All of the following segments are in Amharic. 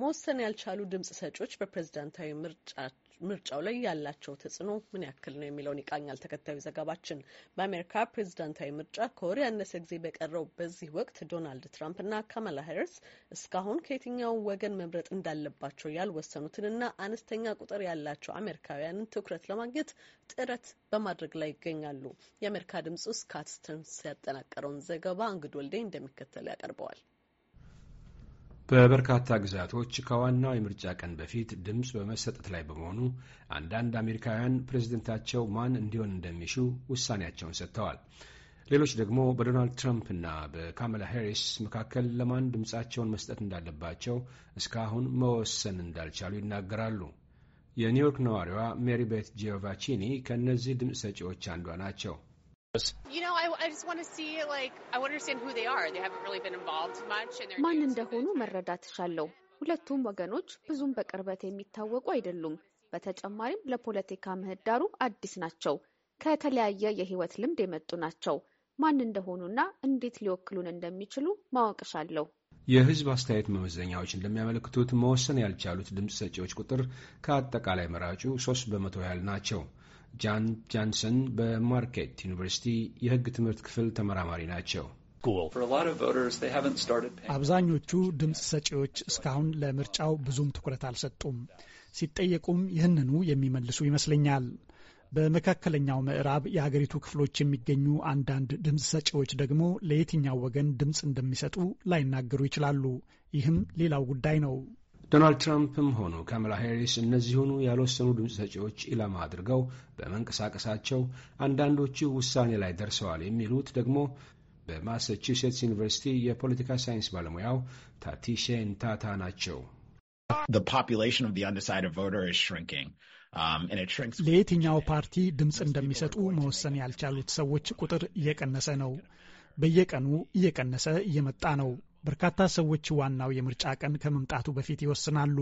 መወሰን ያልቻሉ ድምጽ ሰጮች በፕሬዝዳንታዊ ምርጫው ላይ ያላቸው ተጽዕኖ ምን ያክል ነው የሚለውን ይቃኛል ተከታዩ ዘገባችን። በአሜሪካ ፕሬዝዳንታዊ ምርጫ ከወር ያነሰ ጊዜ በቀረው በዚህ ወቅት ዶናልድ ትራምፕና ካማላ ሀርስ እስካሁን ከየትኛው ወገን መምረጥ እንዳለባቸው ያልወሰኑትንና አነስተኛ ቁጥር ያላቸው አሜሪካውያንን ትኩረት ለማግኘት ጥረት በማድረግ ላይ ይገኛሉ። የአሜሪካ ድምጽ ውስጥ ካትስተርንስ ያጠናቀረውን ዘገባ እንግድ ወልዴ እንደሚከተለው ያቀርበዋል። በበርካታ ግዛቶች ከዋናው የምርጫ ቀን በፊት ድምፅ በመሰጠት ላይ በመሆኑ አንዳንድ አሜሪካውያን ፕሬዝደንታቸው ማን እንዲሆን እንደሚሹ ውሳኔያቸውን ሰጥተዋል። ሌሎች ደግሞ በዶናልድ ትራምፕ እና በካማላ ሄሪስ መካከል ለማን ድምፃቸውን መስጠት እንዳለባቸው እስካሁን መወሰን እንዳልቻሉ ይናገራሉ። የኒውዮርክ ነዋሪዋ ሜሪ ቤት ጂዮቫቺኒ ከእነዚህ ድምፅ ሰጪዎች አንዷ ናቸው። ማን እንደሆኑ መረዳት ቻለሁ። ሁለቱም ወገኖች ብዙም በቅርበት የሚታወቁ አይደሉም። በተጨማሪም ለፖለቲካ ምህዳሩ አዲስ ናቸው። ከተለያየ የህይወት ልምድ የመጡ ናቸው። ማን እንደሆኑና እንዴት ሊወክሉን እንደሚችሉ ማወቅ ሻለሁ። የህዝብ አስተያየት መመዘኛዎች እንደሚያመለክቱት መወሰን ያልቻሉት ድምፅ ሰጪዎች ቁጥር ከአጠቃላይ መራጩ ሶስት በመቶ ያህል ናቸው። ጃን ጃንሰን በማርኬት ዩኒቨርሲቲ የሕግ ትምህርት ክፍል ተመራማሪ ናቸው። አብዛኞቹ ድምፅ ሰጪዎች እስካሁን ለምርጫው ብዙም ትኩረት አልሰጡም። ሲጠየቁም ይህንኑ የሚመልሱ ይመስለኛል። በመካከለኛው ምዕራብ የሀገሪቱ ክፍሎች የሚገኙ አንዳንድ ድምፅ ሰጪዎች ደግሞ ለየትኛው ወገን ድምፅ እንደሚሰጡ ላይናገሩ ይችላሉ። ይህም ሌላው ጉዳይ ነው። ዶናልድ ትራምፕም ሆኑ ካማላ ሄሪስ እነዚሁኑ ያልወሰኑ ድምፅ ሰጪዎች ኢላማ አድርገው በመንቀሳቀሳቸው አንዳንዶቹ ውሳኔ ላይ ደርሰዋል የሚሉት ደግሞ በማሳቹሴትስ ዩኒቨርሲቲ የፖለቲካ ሳይንስ ባለሙያው ታቲሼን ታታ ናቸው። um, ለየትኛው ፓርቲ ድምፅ እንደሚሰጡ መወሰን ያልቻሉት ሰዎች ቁጥር እየቀነሰ ነው። በየቀኑ እየቀነሰ እየመጣ ነው። በርካታ ሰዎች ዋናው የምርጫ ቀን ከመምጣቱ በፊት ይወስናሉ።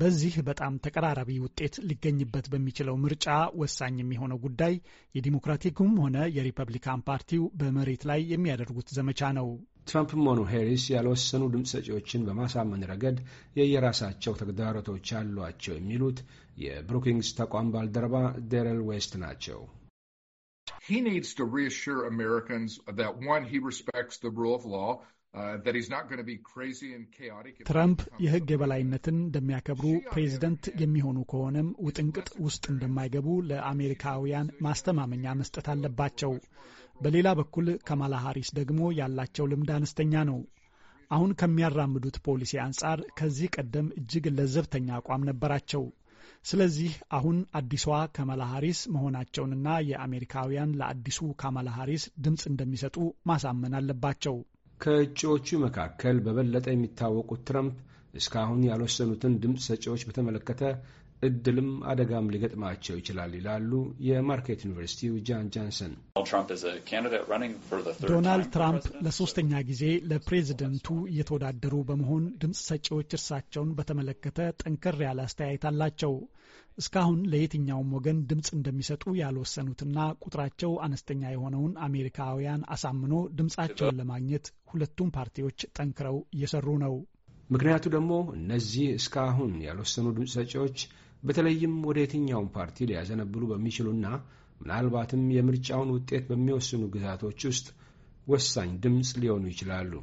በዚህ በጣም ተቀራራቢ ውጤት ሊገኝበት በሚችለው ምርጫ ወሳኝ የሚሆነው ጉዳይ የዲሞክራቲኩም ሆነ የሪፐብሊካን ፓርቲው በመሬት ላይ የሚያደርጉት ዘመቻ ነው። ትራምፕም ሆኑ ሄሪስ ያልወሰኑ ድምፅ ሰጪዎችን በማሳመን ረገድ የየራሳቸው ተግዳሮቶች አሏቸው የሚሉት የብሩኪንግስ ተቋም ባልደረባ ዴረል ዌስት ናቸው። He needs to reassure Americans that one, he respects the rule of law, Uh, ትራምፕ የሕግ የበላይነትን እንደሚያከብሩ ፕሬዚደንት የሚሆኑ ከሆነም ውጥንቅጥ ውስጥ እንደማይገቡ ለአሜሪካውያን ማስተማመኛ መስጠት አለባቸው። በሌላ በኩል ካማላ ሃሪስ ደግሞ ያላቸው ልምድ አነስተኛ ነው። አሁን ከሚያራምዱት ፖሊሲ አንጻር ከዚህ ቀደም እጅግ ለዘብተኛ አቋም ነበራቸው። ስለዚህ አሁን አዲሷ ካማላ ሃሪስ መሆናቸውንና የአሜሪካውያን ለአዲሱ ካማላ ሃሪስ ድምፅ እንደሚሰጡ ማሳመን አለባቸው። ከእጩዎቹ መካከል በበለጠ የሚታወቁት ትረምፕ እስካሁን ያልወሰኑትን ድምፅ ሰጪዎች በተመለከተ እድልም አደጋም ሊገጥማቸው ይችላል ይላሉ የማርኬት ዩኒቨርሲቲው ጃን ጃንሰን። ዶናልድ ትራምፕ ለሶስተኛ ጊዜ ለፕሬዚደንቱ እየተወዳደሩ በመሆን ድምፅ ሰጪዎች እርሳቸውን በተመለከተ ጠንከር ያለ አስተያየት አላቸው። እስካሁን ለየትኛውም ወገን ድምፅ እንደሚሰጡ ያልወሰኑትና ቁጥራቸው አነስተኛ የሆነውን አሜሪካውያን አሳምኖ ድምፃቸውን ለማግኘት ሁለቱም ፓርቲዎች ጠንክረው እየሰሩ ነው። ምክንያቱ ደግሞ እነዚህ እስካሁን ያልወሰኑ ድምፅ ሰጪዎች በተለይም ወደ የትኛውን ፓርቲ ሊያዘነብሉ በሚችሉና ምናልባትም የምርጫውን ውጤት በሚወስኑ ግዛቶች ውስጥ ወሳኝ ድምፅ ሊሆኑ ይችላሉ።